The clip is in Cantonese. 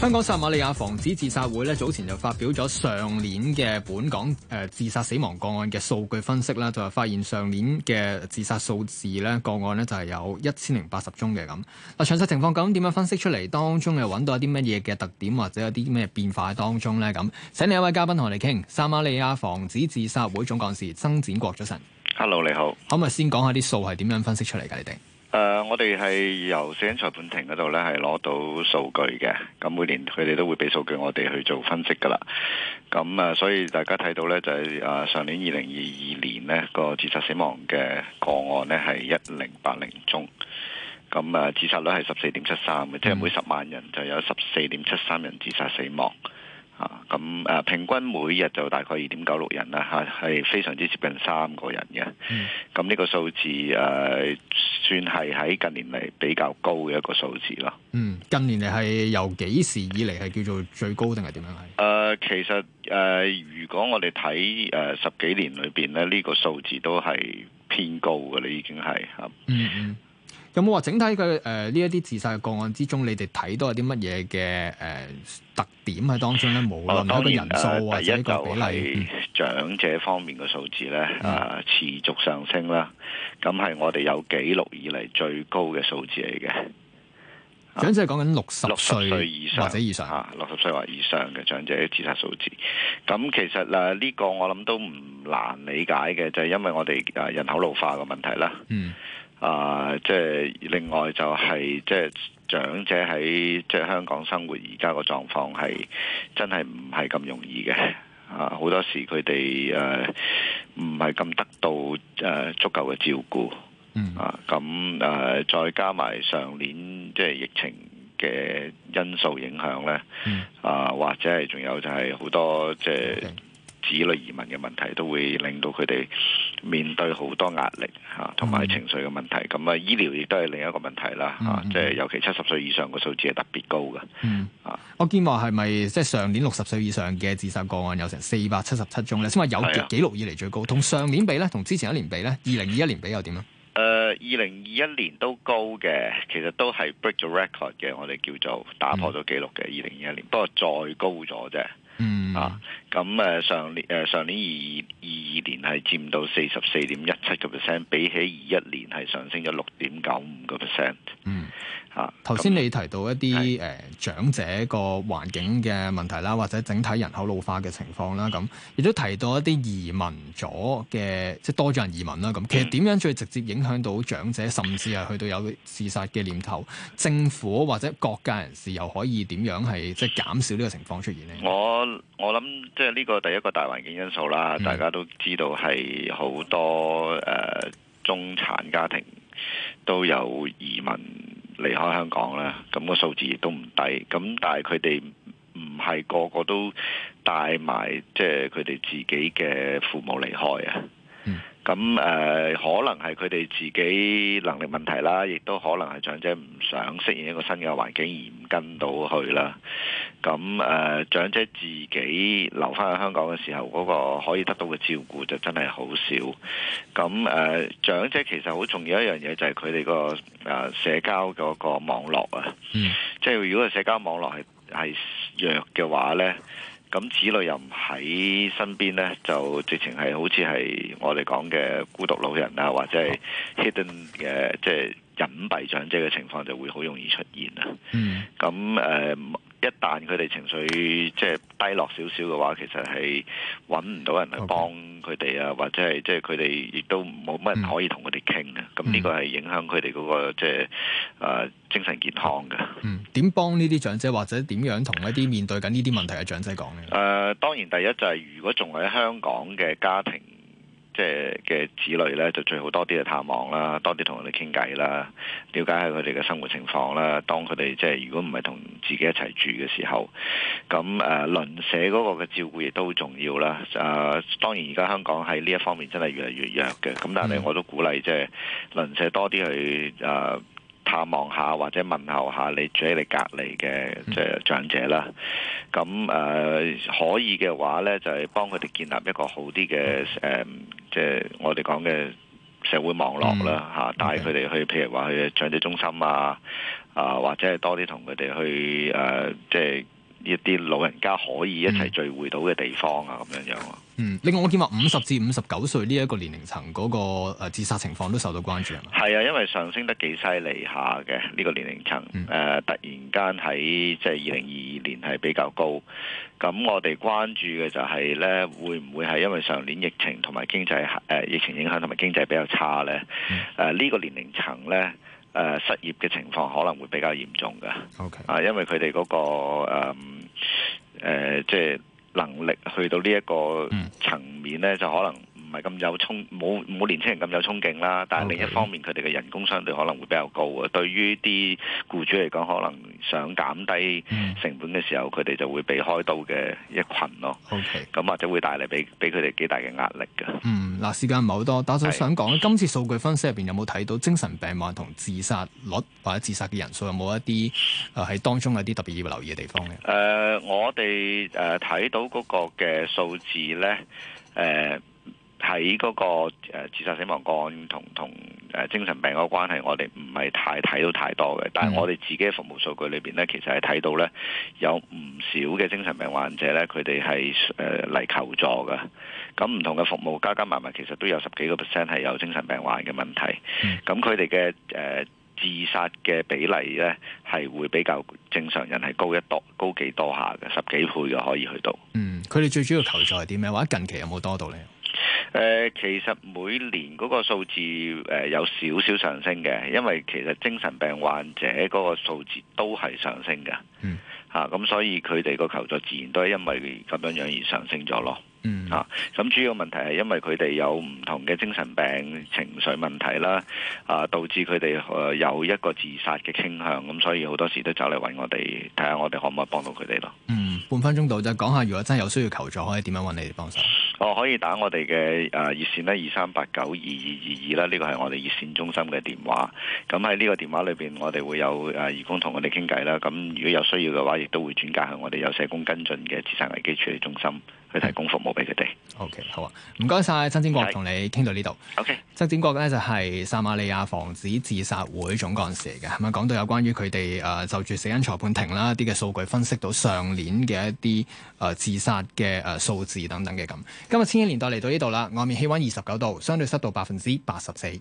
香港撒瑪利亞防止自殺會咧，早前就發表咗上年嘅本港誒自殺死亡個案嘅數據分析啦，就話、係、發現上年嘅自殺數字咧，個案咧就係有一千零八十宗嘅咁。嗱，詳細情況咁點樣分析出嚟？當中又揾到一啲乜嘢嘅特點，或者有啲咩變化當中咧咁？請你一位嘉賓同我哋傾，撒瑪利亞防止自殺會總幹事曾展國早晨。Hello，你好。可唔可以先講下啲數係點樣分析出嚟㗎？你哋？誒，uh, 我哋係由死因裁判庭嗰度呢，係攞到數據嘅。咁每年佢哋都會俾數據我哋去做分析噶啦。咁啊，所以大家睇到呢，就係、是、啊，上年二零二二年呢個自殺死亡嘅個案呢，係一零八零宗。咁啊，自殺率係十四點七三嘅，即係每十萬人就有十四點七三人自殺死亡。咁誒，平均每日就大概二點九六人啦，吓係非常之接近三個人嘅。咁呢、嗯、個數字誒、呃，算係喺近年嚟比較高嘅一個數字咯。嗯，近年嚟係由幾時以嚟係叫做最高定係點樣咧？誒、呃，其實誒、呃，如果我哋睇誒十幾年裏邊咧，呢、這個數字都係偏高嘅啦，已經係吓。嗯嗯有冇話整體嘅誒呢一啲自殺嘅個案之中，你哋睇到有啲乜嘢嘅誒特點喺當中咧？無論係個人數啊，啊第一個係長者方面嘅數字咧，啊、嗯呃、持續上升啦，咁係我哋有紀錄以嚟，最高嘅數字嚟嘅。長者講緊六十歲以上或者以上吓，六十歲或以上嘅長者自殺數字。咁其實誒呢、啊這個我諗都唔難理解嘅，就係、是、因為我哋誒人口老化嘅問題啦。嗯。啊，即係另外就係、係、即係長者喺即係香港生活而家個狀況係真係唔係咁容易嘅啊！好多時佢哋誒唔係咁得到誒、啊、足夠嘅照顧，啊，咁、啊、誒再加埋上年即係疫情嘅因素影響咧，嗯、啊或者係仲有就係好多即係子女移民嘅問題，都會令到佢哋。面對好多壓力嚇，同、啊、埋情緒嘅問題，咁啊、嗯、醫療亦都係另一個問題啦嚇，即係、嗯啊、尤其七十歲以上嘅數字係特別高嘅。嗯，啊，我見話係咪即係上年六十歲以上嘅自殺個案有成四百七十七宗咧，先話有紀錄、嗯、以嚟最高，同上年比咧，同之前一年比咧，二零二一年比又點咧？誒、呃，二零二一年都高嘅，其實都係 break 咗 record 嘅，我哋叫做打破咗紀錄嘅二零二一年，不過、嗯、再高咗啫。嗯、mm hmm. 啊，咁誒、呃、上年誒、呃、上年二二二年係佔到四十四點一七個 percent，比起二一年係上升咗六點九五個 percent。嗯、mm。Hmm. 啊，頭先你提到一啲誒、嗯呃、長者個環境嘅問題啦，或者整體人口老化嘅情況啦，咁亦都提到一啲移民咗嘅，即係多咗人移民啦。咁其實點樣最直接影響到長者，甚至係去到有自殺嘅念頭，政府或者各界人士又可以點樣係即係減少呢個情況出現呢？我我諗即係呢個第一個大環境因素啦，嗯、大家都知道係好多誒、呃、中產家庭都有移民、嗯。嗯離開香港咧，咁個數字亦都唔低。咁但係佢哋唔係個個都帶埋，即係佢哋自己嘅父母離開啊。咁誒，可能係佢哋自己能力問題啦，亦都可能係長者唔想適應一個新嘅環境而唔跟到去啦。咁誒、呃、長者自己留翻去香港嘅時候，嗰、那個可以得到嘅照顧就真係好少。咁誒、呃、長者其實好重要一樣嘢，就係佢哋個誒社交嗰個網絡啊。Mm. 即係如果係社交網絡係係弱嘅話咧，咁子女又唔喺身邊咧，就直情係好似係我哋講嘅孤獨老人啊，或者係 hidden 嘅即係、就是、隱蔽長者嘅情況，就會好容易出現啊。咁誒、mm.。呃一旦佢哋情緒即係低落少少嘅話，其實係揾唔到人去幫佢哋啊，Okay. 或者係即係佢哋亦都冇乜人可以同佢哋傾嘅。咁呢、嗯、個係影響佢哋嗰個即係啊精神健康嘅。嗯，點幫呢啲長者，或者點樣同一啲面對緊呢啲問題嘅長者講咧？誒、呃，當然第一就係、是、如果仲喺香港嘅家庭。即係嘅子女呢，就最好多啲去探望啦，多啲同佢哋傾偈啦，了解下佢哋嘅生活情況啦。當佢哋即係如果唔係同自己一齊住嘅時候，咁誒、呃、鄰舍嗰個嘅照顧亦都好重要啦。誒、呃，當然而家香港喺呢一方面真係越嚟越弱嘅。咁但係我都鼓勵即係鄰舍多啲去誒、呃探望下或者問候下你住喺你隔離嘅即係長者啦，咁誒、嗯呃、可以嘅話咧，就係、是、幫佢哋建立一個好啲嘅誒，即、呃、係、就是、我哋講嘅社會網絡啦嚇，嗯啊、帶佢哋去 okay. 譬如話去長者中心啊，啊、呃、或者係多啲同佢哋去誒即係。呃就是一啲老人家可以一齊聚會到嘅地方啊，咁、嗯、樣樣啊、嗯。另外我見話五十至五十九歲呢一個年齡層嗰個誒自殺情況都受到關注，係嘛？係啊，因為上升得幾犀利下嘅呢個年齡層，誒、嗯呃、突然間喺即係二零二二年係比較高。咁我哋關注嘅就係呢，會唔會係因為上年疫情同埋經濟誒、呃、疫情影響同埋經濟比較差呢？誒呢、嗯呃呢個年齡層呢。誒失、呃、業嘅情況可能會比較嚴重噶，Okay. 啊，因為佢哋嗰個誒誒，即、嗯、係、呃就是、能力去到呢一個層面咧，Mm. 就可能。唔係咁有衝，冇冇年青人咁有衝勁啦。但係另一方面，佢哋嘅人工相對可能會比較高啊。對於啲僱主嚟講，可能想減低成本嘅時候，佢哋、嗯、就會被開刀嘅一群咯。OK，咁或者會帶嚟俾俾佢哋幾大嘅壓力嘅。嗯，嗱、啊、時間唔係好多，打咗想講是今次數據分析入邊有冇睇到精神病患同自殺率或者自殺嘅人數有冇一啲誒喺當中有啲特別要留意嘅地方咧？誒、呃，我哋誒睇到嗰個嘅數字咧，誒、呃。呃喺嗰個自殺死亡個案同同誒精神病個關係我，我哋唔係太睇到太多嘅。但係我哋自己服務數據裏邊呢，其實係睇到呢有唔少嘅精神病患者呢，佢哋係誒嚟求助嘅。咁唔同嘅服務，加加埋埋其實都有十幾個 percent 係有精神病患嘅問題。咁佢哋嘅誒自殺嘅比例呢，係會比較正常人係高一多高幾多下嘅十幾倍嘅，可以去到。嗯，佢哋最主要求助係啲咩？或者近期有冇多到呢？誒，其實每年嗰個數字誒、呃、有少少上升嘅，因為其實精神病患者嗰個數字都係上升嘅，吓咁、嗯啊、所以佢哋個求助自然都係因為咁樣樣而上升咗咯，吓咁、嗯啊、主要問題係因為佢哋有唔同嘅精神病情緒問題啦，啊導致佢哋有一個自殺嘅傾向，咁、啊、所以好多時都走嚟揾我哋睇下我哋可唔可以幫到佢哋咯。嗯，半分鐘到就講下如果真係有需要求助，可以點樣揾你哋幫手？哦，可以打我哋嘅誒熱線咧，二三八九二二二二啦，呢個係我哋熱線中心嘅電話。咁喺呢個電話裏邊，我哋會有誒義工同我哋傾偈啦。咁如果有需要嘅話，亦都會轉介向我哋有社工跟進嘅自殺危機處理中心去提供服務俾佢哋。O.K. 好啊，唔該晒，Okay. 曾展國同你傾到呢度。O.K. 曾展國咧就係、是、撒瑪利亞防止自殺會總幹事嚟嘅，咪講到有關於佢哋誒就住死因裁判庭啦一啲嘅數據分析，到上年嘅一啲誒、呃、自殺嘅誒、呃、數字等等嘅咁。今日千禧年代嚟到呢度啦，外面氣温二十九度，相對濕度百分之八十四。